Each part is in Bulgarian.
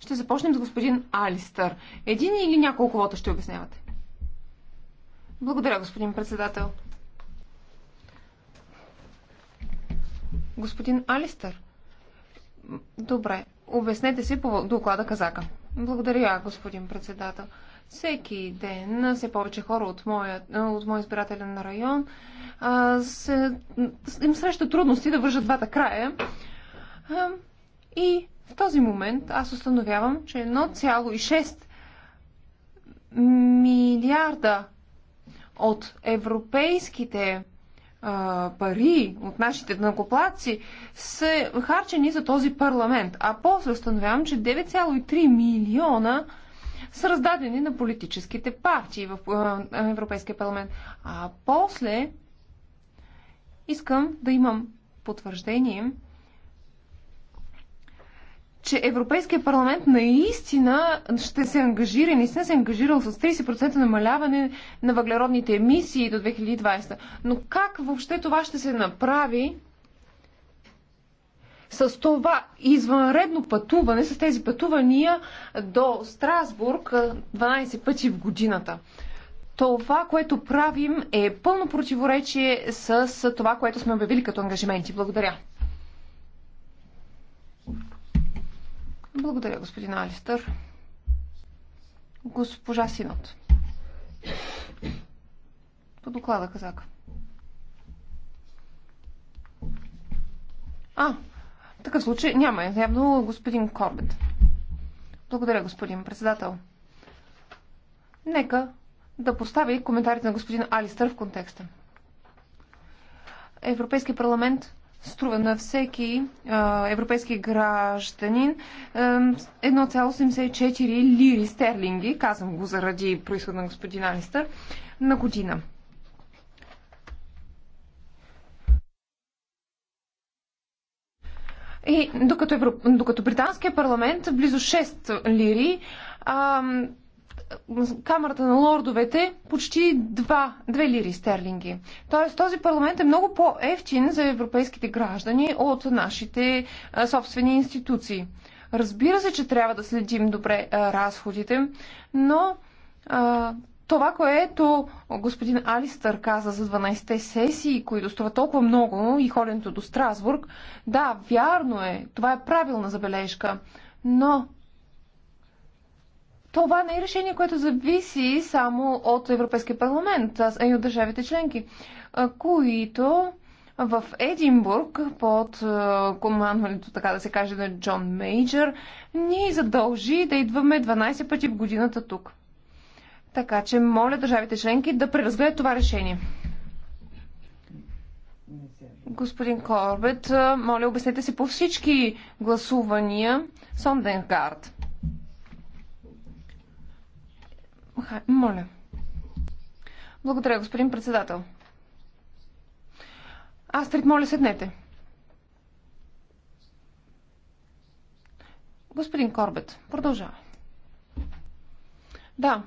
Ще започнем с господин Алистър. Един или няколко вота ще обяснявате? Благодаря, господин председател. Господин Алистър? Добре, обяснете си по доклада Казака. Благодаря, господин председател. Всеки ден все повече хора от моя, от моя избирателен район а, се, им среща трудности да вържат двата края. А, и в този момент аз установявам, че 1,6 милиарда от европейските а, пари, от нашите накоплаци, са харчени за този парламент. А после установявам, че 9,3 милиона са раздадени на политическите партии в а, Европейския парламент. А после искам да имам потвърждение, че Европейския парламент наистина ще се ангажира, наистина се е ангажирал с 30% намаляване на въглеродните емисии до 2020. Но как въобще това ще се направи с това извънредно пътуване, с тези пътувания до Страсбург 12 пъти в годината? Това, което правим, е пълно противоречие с това, което сме обявили като ангажименти. Благодаря. Благодаря, господин Алистър. Госпожа Синот. По доклада казака. А, в такъв случай няма. Явно господин Корбет. Благодаря, господин председател. Нека да постави коментарите на господин Алистър в контекста. Европейски парламент струва на всеки а, европейски гражданин 1,84 лири стерлинги, казвам го заради происход на господин Алистър, на година. И докато, Европ... докато британския парламент близо 6 лири, а, Камерата на лордовете почти 2, 2 лири стерлинги. Тоест този парламент е много по-ефтин за европейските граждани от нашите а, собствени институции. Разбира се, че трябва да следим добре а, разходите, но а, това, което господин Алистър каза за 12-те сесии, които струва толкова много и ходенето до Страсбург, да, вярно е, това е правилна забележка, но това не е решение, което зависи само от Европейския парламент, а и от държавите членки, които в Единбург под командването, така да се каже, на Джон Мейджър, ни задължи да идваме 12 пъти в годината тук. Така че моля държавите членки да преразгледат това решение. Господин Корбет, моля обяснете се по всички гласувания Сонденгард. Моля. Благодаря, господин председател. Астрид, моля, седнете. Господин Корбет, продължава. Да.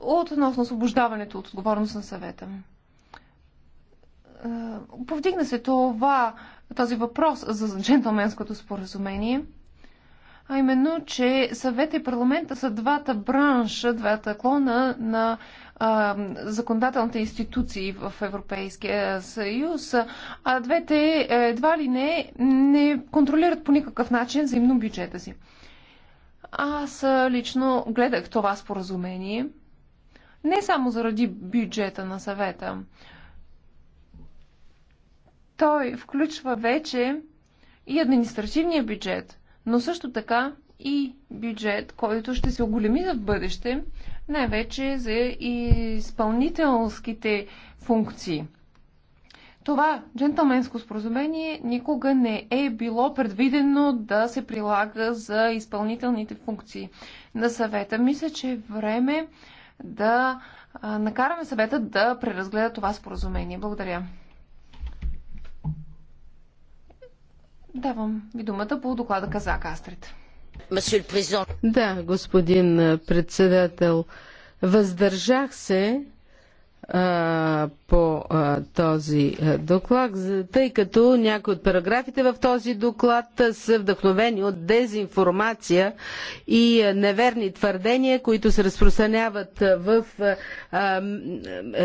Относно освобождаването от отговорност на съвета. Е, повдигна се това, този въпрос за джентълменското споразумение – а именно, че съвет и парламента са двата бранша, двата клона на а, законодателните институции в Европейския съюз, а двете е, едва ли не не контролират по никакъв начин взаимно бюджета си. Аз лично гледах това споразумение не само заради бюджета на съвета. Той включва вече и административния бюджет – но също така и бюджет, който ще се оголеми за бъдеще, най-вече за изпълнителските функции. Това джентълменско споразумение никога не е било предвидено да се прилага за изпълнителните функции на съвета. Мисля, че е време да накараме съвета да преразгледа това споразумение. Благодаря. Давам ви думата по доклада Казак Астрид. Да, господин председател. Въздържах се по този доклад, тъй като някои от параграфите в този доклад са вдъхновени от дезинформация и неверни твърдения, които се разпространяват в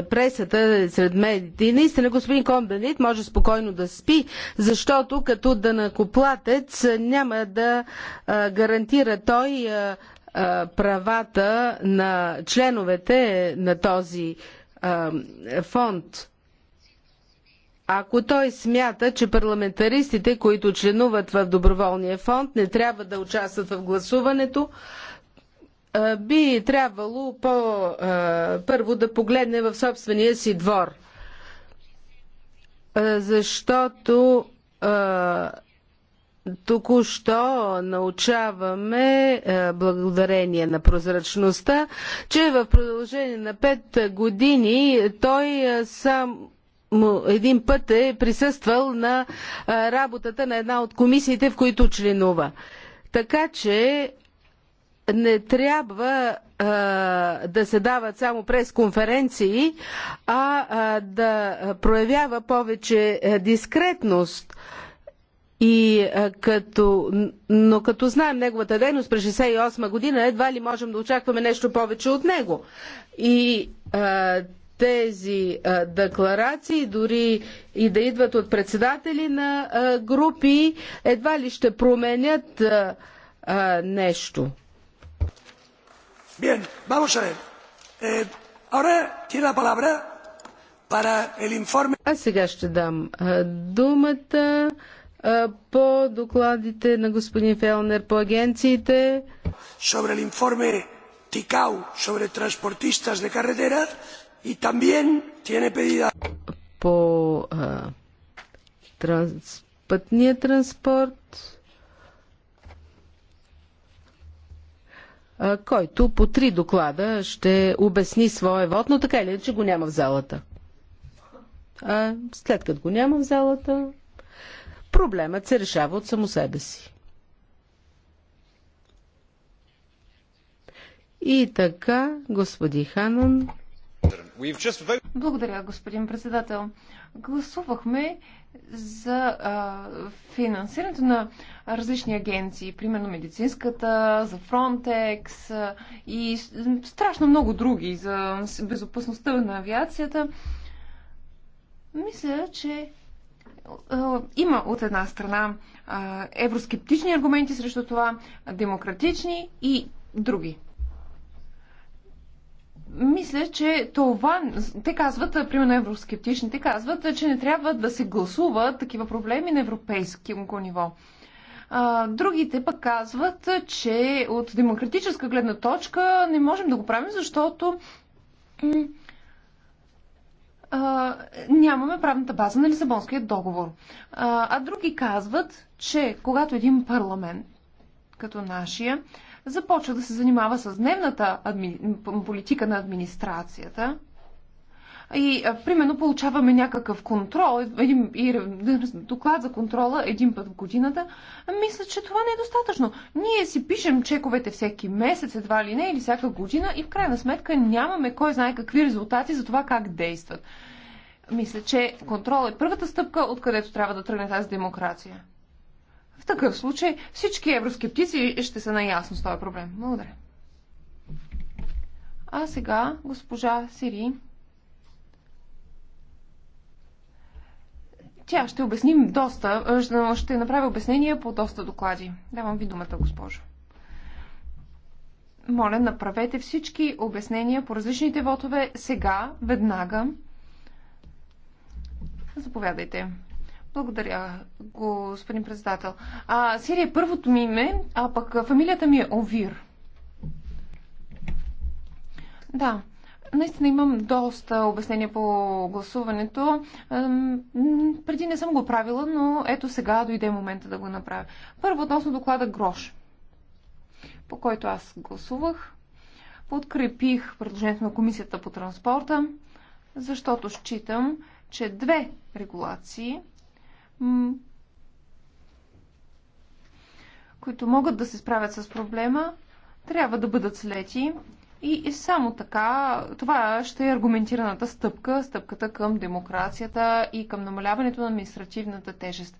пресата, сред медиите. И наистина господин Комбенит може спокойно да спи, защото като данакоплатец няма да гарантира той правата на членовете на този фонд. Ако той смята, че парламентаристите, които членуват в доброволния фонд, не трябва да участват в гласуването, би трябвало по, първо да погледне в собствения си двор. Защото Току-що научаваме, е, благодарение на прозрачността, че в продължение на пет години той е, сам един път е присъствал на е, работата на една от комисиите, в които членува. Така че не трябва а, да се дават само пресконференции, а, а да проявява повече дискретност и като, но като знаем неговата дейност през 68 година, едва ли можем да очакваме нещо повече от него. И а, тези а, декларации, дори и да идват от председатели на а, групи, едва ли ще променят а, а, нещо. Bien, vamos a ver. Eh, ahora tiene la palabra para el informe. А сега ще дам а, думата по докладите на господин Фелнер по агенциите. Sobre el informe TICAO sobre transportistas de carretera и también tiene pedida... По а, транс, пътния транспорт, а, който по три доклада ще обясни своя вод, но така или иначе го няма в залата. А, след като го няма в залата, проблемът се решава от само себе си. И така, господин Ханан. Благодаря, господин председател. Гласувахме за а, финансирането на различни агенции, примерно медицинската, за Фронтекс и страшно много други за безопасността на авиацията. Мисля, че е, е, има от една страна е, евроскептични аргументи срещу това, демократични и други. Мисля, че това, те казват, примерно евроскептичните казват, че не трябва да се гласуват такива проблеми на европейско ниво. Другите пък казват, че от демократическа гледна точка не можем да го правим, защото а, нямаме правната база на Лисабонския договор. А, а други казват, че когато един парламент, като нашия, започва да се занимава с дневната адми... политика на администрацията, и а, примерно получаваме някакъв контрол един, и доклад за контрола един път в годината. Мисля, че това не е достатъчно. Ние си пишем чековете всеки месец, едва ли не, или всяка година и в крайна сметка нямаме кой знае какви резултати за това как действат. Мисля, че контрол е първата стъпка, откъдето трябва да тръгне тази демокрация. В такъв случай всички евроскептици ще са наясно с този проблем. Благодаря. А сега госпожа Сири. Тя ще обясним доста, ще направя обяснения по доста доклади. Давам ви думата, госпожо. Моля, направете всички обяснения по различните вотове сега, веднага. Заповядайте. Благодаря, господин председател. А, Сирия е първото ми име, а пък фамилията ми е Овир. Да. Наистина имам доста обяснения по гласуването. Преди не съм го правила, но ето сега дойде момента да го направя. Първо относно доклада Грош, по който аз гласувах. Подкрепих предложението на Комисията по транспорта, защото считам, че две регулации, които могат да се справят с проблема, трябва да бъдат слети и, и само така, това ще е аргументираната стъпка, стъпката към демокрацията и към намаляването на административната тежест.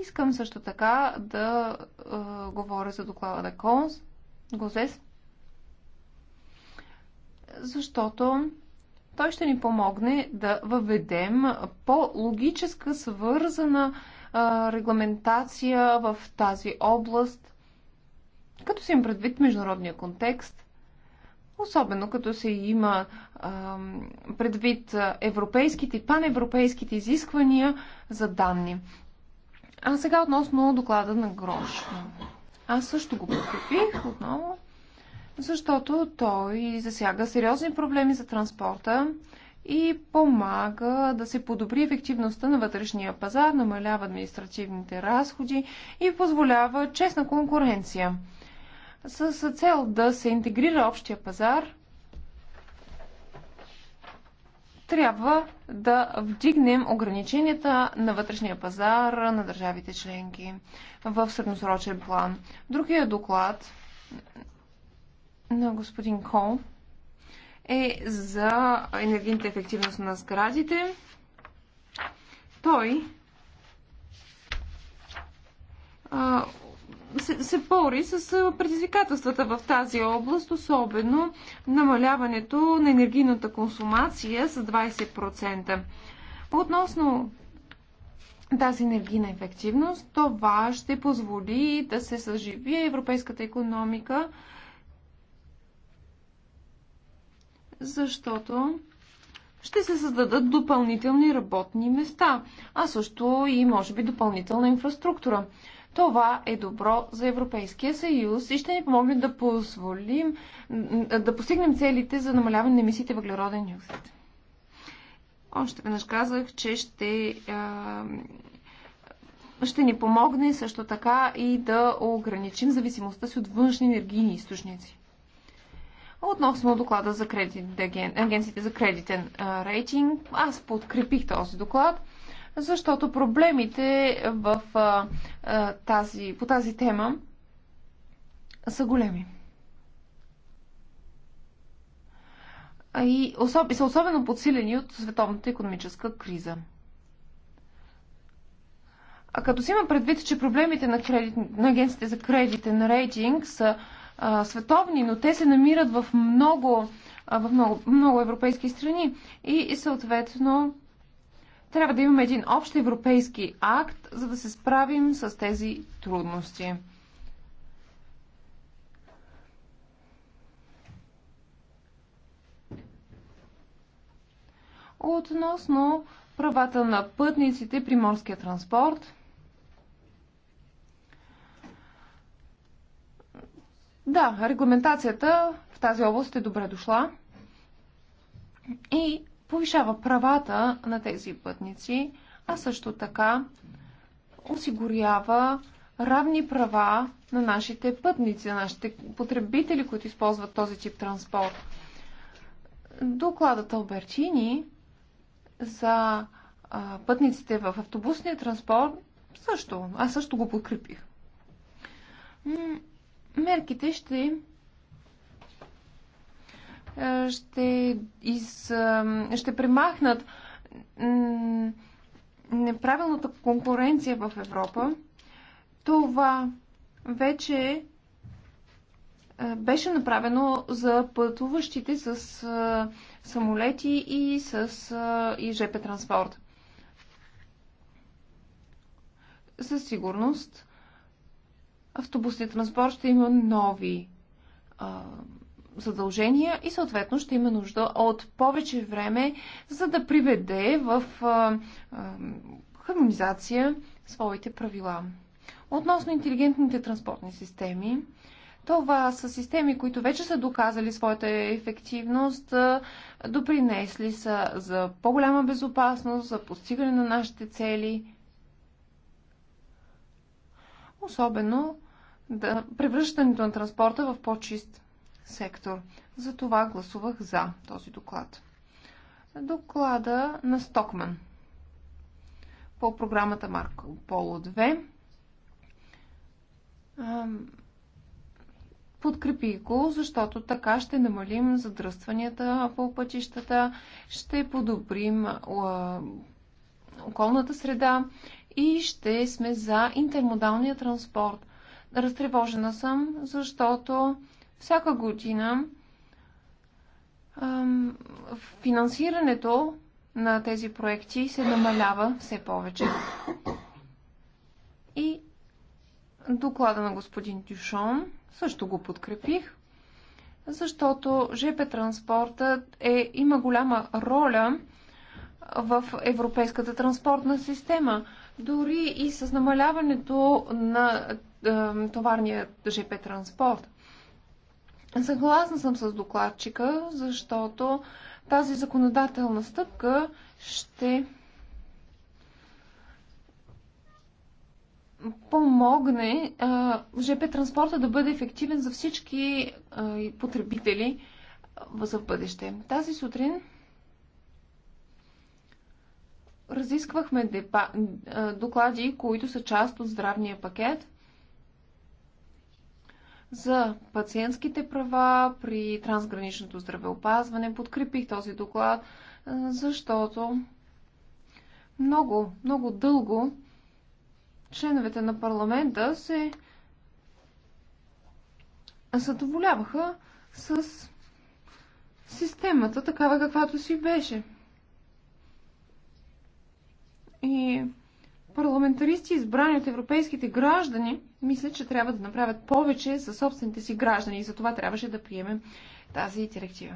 Искам също така да е, говоря за доклада на Конс, Гозес, защото той ще ни помогне да въведем по-логическа, свързана е, регламентация в тази област, като си им предвид международния контекст Особено като се има а, предвид европейските и паневропейските изисквания за данни. А сега относно доклада на Грош. Аз също го подкрепих отново, защото той засяга сериозни проблеми за транспорта и помага да се подобри ефективността на вътрешния пазар, намалява административните разходи и позволява честна конкуренция с цел да се интегрира общия пазар, трябва да вдигнем ограниченията на вътрешния пазар на държавите членки в средносрочен план. Другия доклад на господин Кол е за енергийната ефективност на сградите. Той се, се бори с предизвикателствата в тази област, особено намаляването на енергийната консумация с 20%. Относно тази енергийна ефективност, това ще позволи да се съживи европейската економика, защото ще се създадат допълнителни работни места, а също и може би допълнителна инфраструктура. Това е добро за Европейския съюз и ще ни помогне да позволим да постигнем целите за намаляване на емисиите въглероден диоксид. Още веднъж казах, че ще, ще ни помогне също така и да ограничим зависимостта си от външни енергийни източници. Относно доклада за кредит, агенциите за кредитен рейтинг, аз подкрепих този доклад защото проблемите в, а, а, тази, по тази тема са големи. И особ, са особено подсилени от световната економическа криза. А като си има предвид, че проблемите на, кредит, на агенците за кредитен рейтинг са а, световни, но те се намират в много, а, в много, много европейски страни и, и съответно трябва да имаме един общ европейски акт, за да се справим с тези трудности. Относно правата на пътниците при морския транспорт, да, регламентацията в тази област е добре дошла. И повишава правата на тези пътници, а също така осигурява равни права на нашите пътници, на нашите потребители, които използват този тип транспорт. Докладът Албертини за а, пътниците в автобусния транспорт също, аз също го подкрепих. Мерките ще е, ще, из, е, ще премахнат неправилната конкуренция в Европа. Това вече е, беше направено за пътуващите с самолети и с и ЖП транспорт. Със сигурност автобусният транспорт ще има нови задължения и съответно ще има нужда от повече време, за да приведе в а, а, хармонизация своите правила. Относно интелигентните транспортни системи, това са системи, които вече са доказали своята ефективност, допринесли са за по-голяма безопасност, за постигане на нашите цели. Особено да, превръщането на транспорта в по-чист сектор. Затова гласувах за този доклад. Доклада на Стокман по програмата Марко Поло 2 подкрепи го, защото така ще намалим задръстванията по пътищата, ще подобрим околната среда и ще сме за интермодалния транспорт. Разтревожена съм, защото всяка година финансирането на тези проекти се намалява все повече. И доклада на господин Дюшон също го подкрепих, защото ЖП транспортът е, има голяма роля в европейската транспортна система. Дори и с намаляването на е, товарния ЖП транспорт. Съгласна съм с докладчика, защото тази законодателна стъпка ще помогне ЖП транспорта да бъде ефективен за всички потребители за бъдеще. Тази сутрин разисквахме доклади, които са част от здравния пакет – за пациентските права при трансграничното здравеопазване. Подкрепих този доклад, защото много, много дълго членовете на парламента се задоволяваха с системата такава каквато си беше. И парламентаристи, избрани от европейските граждани, мисля, че трябва да направят повече със собствените си граждани и за това трябваше да приемем тази директива.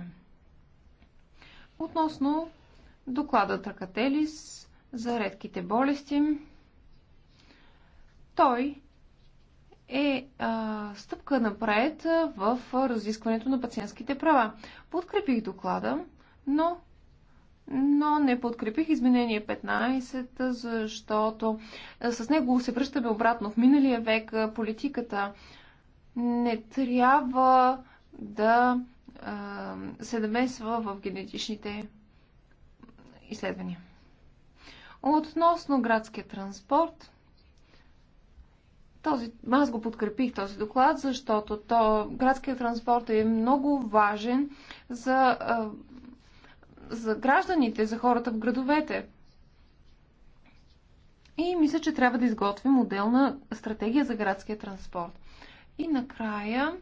Относно доклада Тракателис за редките болести, той е а, стъпка напред в разискването на пациентските права. Подкрепих доклада, но но не подкрепих изменение 15, защото е, с него се връщаме обратно в миналия век. Е, политиката не трябва да е, се намесва в генетичните изследвания. Относно градския транспорт, този, аз го подкрепих този доклад, защото то, градският транспорт е много важен за а, за гражданите, за хората в градовете. И мисля, че трябва да изготвим моделна стратегия за градския транспорт. И накрая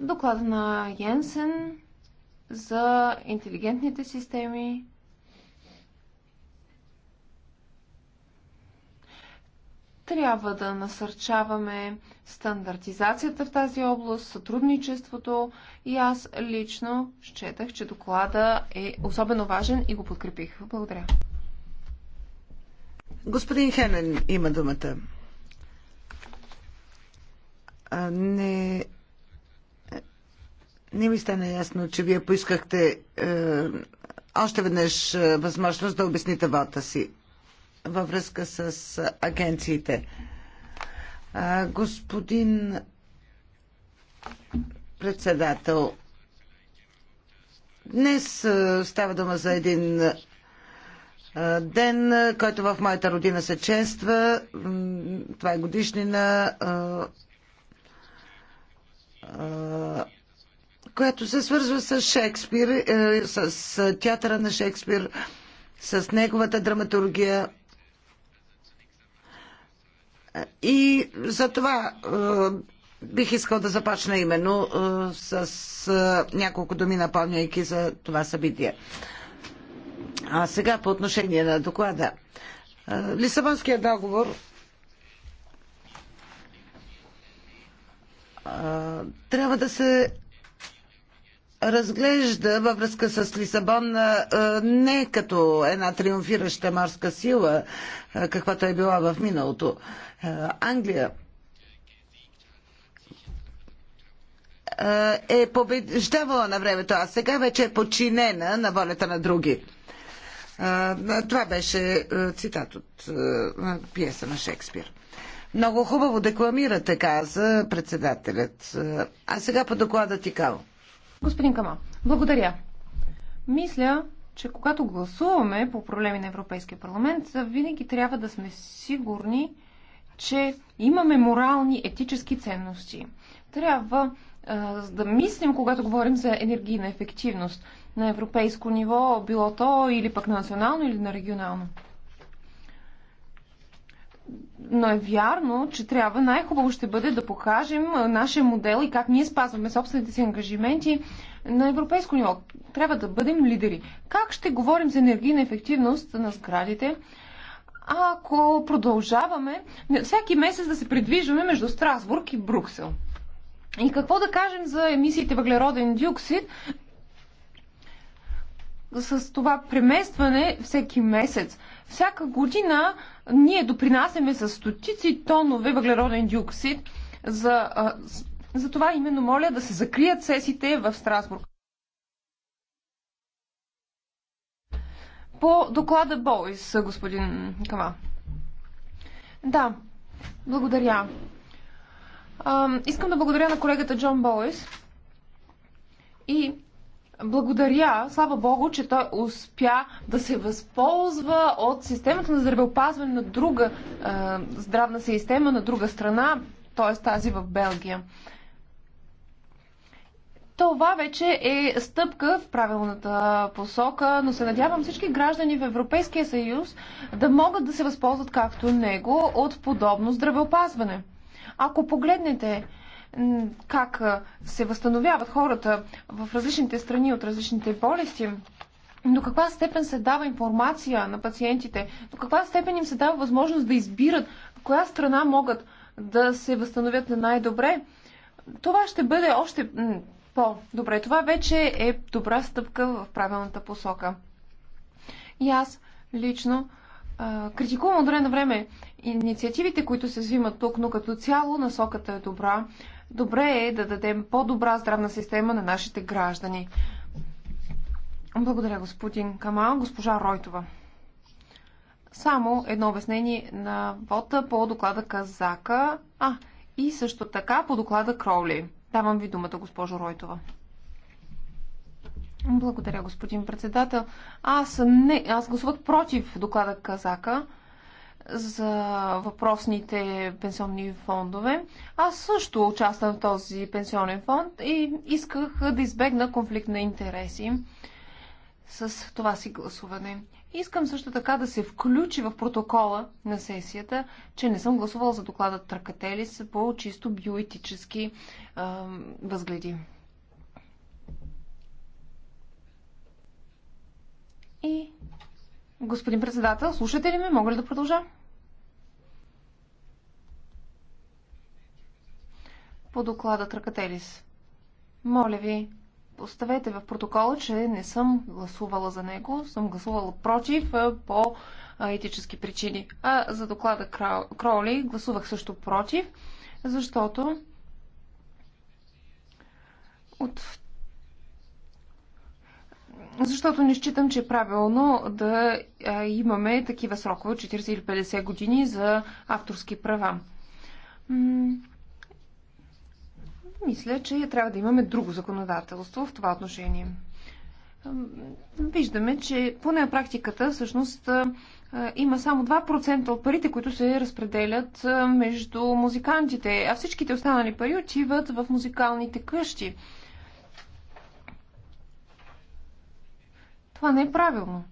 доклада на Йенсен за интелигентните системи Трябва да насърчаваме стандартизацията в тази област, сътрудничеството и аз лично счетах, че доклада е особено важен и го подкрепих. Благодаря. Господин Хенен има думата. А, не, не ми стана ясно, че вие поискахте е, още веднъж е, възможност да обясните вата си във връзка с агенциите. Господин председател, днес става дума за един ден, който в моята родина се чества. Това е годишнина, която се свързва с Шекспир, е, с театъра на Шекспир, с неговата драматургия. И за това е, бих искал да започна именно е, с е, няколко думи, напомняйки за това събитие. А сега по отношение на доклада. Лисабонския договор трябва да се разглежда във връзка с Лисабон не като една триумфираща морска сила, каквато е била в миналото. Е, Англия е побеждавала на времето, а сега вече е подчинена на волята на други. Е, това беше е, цитат от пиеса на Шекспир. Много хубаво декламирате, каза председателят. А сега по доклада ти Као. Господин Кама, благодаря. Мисля, че когато гласуваме по проблеми на Европейския парламент, винаги трябва да сме сигурни, че имаме морални, етически ценности. Трябва а, да мислим, когато говорим за енергийна ефективност на европейско ниво, било то или пък на национално или на регионално. Но е вярно, че трябва най-хубаво ще бъде да покажем нашия модел и как ние спазваме собствените си ангажименти на европейско ниво. Трябва да бъдем лидери. Как ще говорим за енергийна ефективност на сградите, ако продължаваме всеки месец да се придвижваме между Страсбург и Бруксел. И какво да кажем за емисиите въглероден диоксид? С това преместване всеки месец. Всяка година ние допринасяме с стотици тонове въглероден диоксид. За, за това именно моля да се закрият сесите в Страсбург. По доклада Бойс, господин Кава. Да, благодаря. А, искам да благодаря на колегата Джон Бойс и благодаря, слава Богу, че той успя да се възползва от системата на здравеопазване на друга а, здравна система на друга страна, т.е. тази в Белгия това вече е стъпка в правилната посока, но се надявам всички граждани в Европейския съюз да могат да се възползват както него от подобно здравеопазване. Ако погледнете как се възстановяват хората в различните страни от различните болести, до каква степен се дава информация на пациентите, до каква степен им се дава възможност да избират в коя страна могат да се възстановят на най-добре, това ще бъде още по-добре. Това вече е добра стъпка в правилната посока. И аз лично а, критикувам от време на време инициативите, които се взимат тук, но като цяло насоката е добра. Добре е да дадем по-добра здравна система на нашите граждани. Благодаря, господин Камал. Госпожа Ройтова. Само едно обяснение на вота по доклада Казака, а и също така по доклада Кроули. Давам ви думата, госпожо Ройтова. Благодаря, господин председател. Аз, не, аз гласувах против доклада Казака за въпросните пенсионни фондове. Аз също участвам в този пенсионен фонд и исках да избегна конфликт на интереси с това си гласуване. Искам също така да се включи в протокола на сесията, че не съм гласувала за доклада Тракателис по чисто биоетически а, възгледи. И, господин председател, слушате ли ме? Мога ли да продължа? По доклада Тракателис. Моля ви, поставете в протокола, че не съм гласувала за него, съм гласувала против по етически причини. А за доклада Кроли гласувах също против, защото от защото не считам, че е правилно да имаме такива срокове 40 или 50 години за авторски права. Мисля, че трябва да имаме друго законодателство в това отношение. Виждаме, че поне практиката всъщност има само 2% от парите, които се разпределят между музикантите, а всичките останали пари отиват в музикалните къщи. Това не е правилно.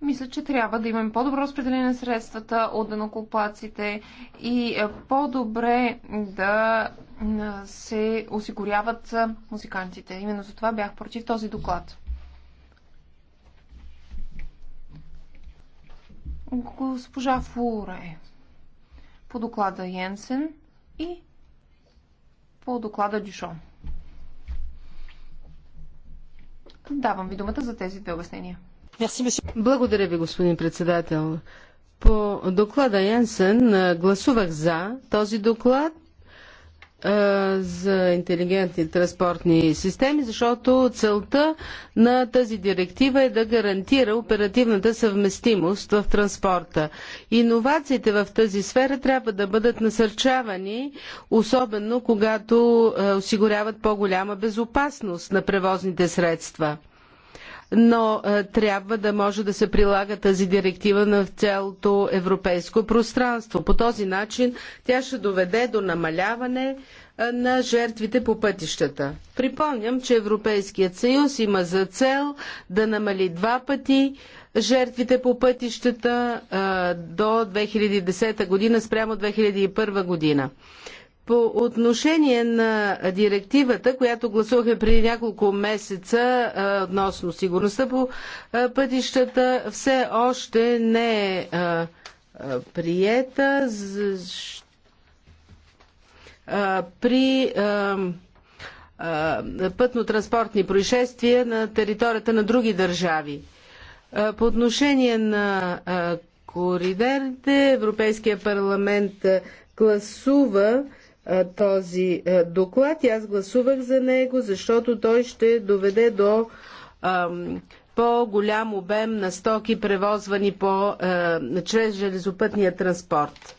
Мисля, че трябва да имаме по-добро разпределение на средствата от данокопаците и е, по-добре да е, се осигуряват е, музикантите. Именно за това бях против този доклад. Госпожа Фуре по доклада Йенсен и по доклада Дюшон. Давам ви думата за тези две обяснения. Благодаря ви, господин председател. По доклада Янсен гласувах за този доклад за интелигентни транспортни системи, защото целта на тази директива е да гарантира оперативната съвместимост в транспорта. Иновациите в тази сфера трябва да бъдат насърчавани, особено когато осигуряват по-голяма безопасност на превозните средства но е, трябва да може да се прилага тази директива на цялото европейско пространство. По този начин тя ще доведе до намаляване е, на жертвите по пътищата. Припомням, че Европейският съюз има за цел да намали два пъти жертвите по пътищата е, до 2010 година спрямо 2001 година. По отношение на директивата, която гласувахме преди няколко месеца относно сигурността по пътищата, все още не е приета. При пътно-транспортни происшествия на територията на други държави. По отношение на коридерите, Европейския парламент гласува този доклад и аз гласувах за него, защото той ще доведе до по-голям обем на стоки, превозвани по, чрез железопътния транспорт.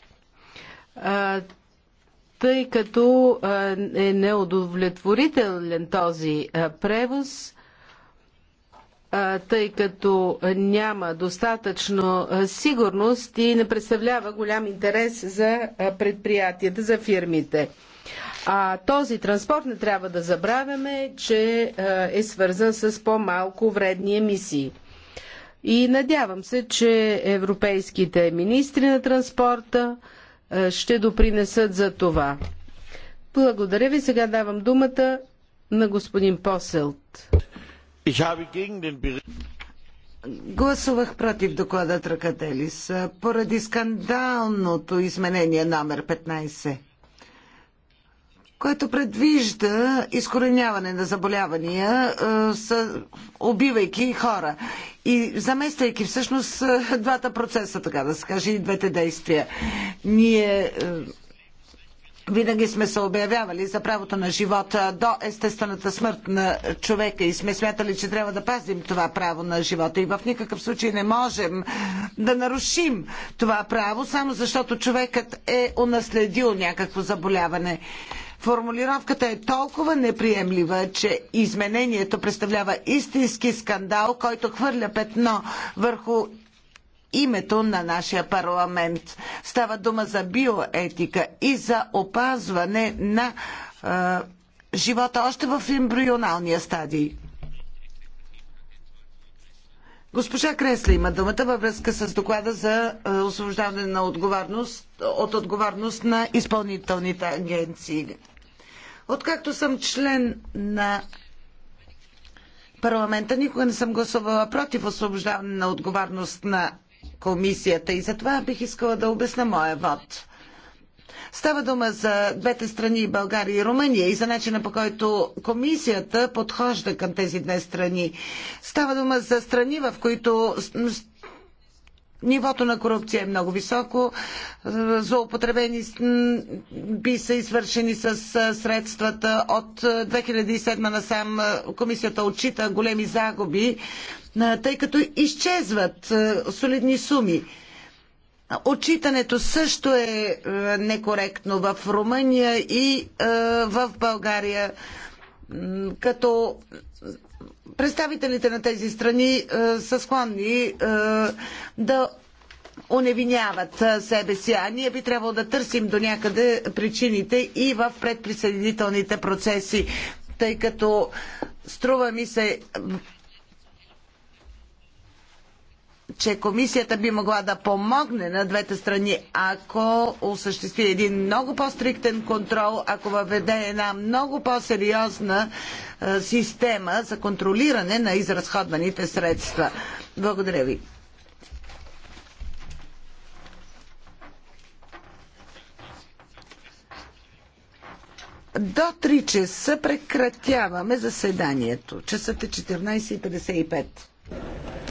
тъй като е неудовлетворителен този превоз, тъй като няма достатъчно сигурност и не представлява голям интерес за предприятията, за фирмите. А този транспорт не трябва да забравяме, че е свързан с по-малко вредни емисии. И надявам се, че европейските министри на транспорта ще допринесат за това. Благодаря ви. Сега давам думата на господин Поселт. Гласувах против доклада Тракателис поради скандалното изменение номер 15, което предвижда изкореняване на заболявания, убивайки хора и замествайки всъщност двата процеса, така да се каже, и двете действия. Ние винаги сме се обявявали за правото на живота до естествената смърт на човека и сме смятали, че трябва да пазим това право на живота и в никакъв случай не можем да нарушим това право, само защото човекът е унаследил някакво заболяване. Формулировката е толкова неприемлива, че изменението представлява истински скандал, който хвърля петно върху името на нашия парламент. Става дума за биоетика и за опазване на е, живота още в ембрионалния стадий. Госпожа Кресли има думата във връзка с доклада за освобождаване на отговорност, от отговорност на изпълнителните агенции. Откакто съм член на парламента, никога не съм гласувала против освобождаване на отговорност на комисията и затова бих искала да обясна моя вод. Става дума за двете страни, България и Румъния, и за начина по който комисията подхожда към тези две страни. Става дума за страни, в които Нивото на корупция е много високо. Злоупотребени би са извършени с средствата. От 2007 насам комисията отчита големи загуби, тъй като изчезват солидни суми. Отчитането също е некоректно в Румъния и в България, като представителите на тези страни е, са склонни е, да оневиняват е, себе си, а ние би трябвало да търсим до някъде причините и в предприсъединителните процеси, тъй като струва ми се че комисията би могла да помогне на двете страни, ако осъществи един много по-стриктен контрол, ако въведе една много по-сериозна е, система за контролиране на изразходваните средства. Благодаря ви. До 3 часа прекратяваме заседанието. Часът е 14.55.